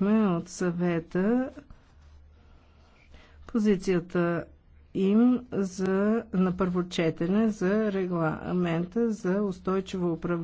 Чухме от съвета позицията им за, на първо четене за регламента за устойчиво управление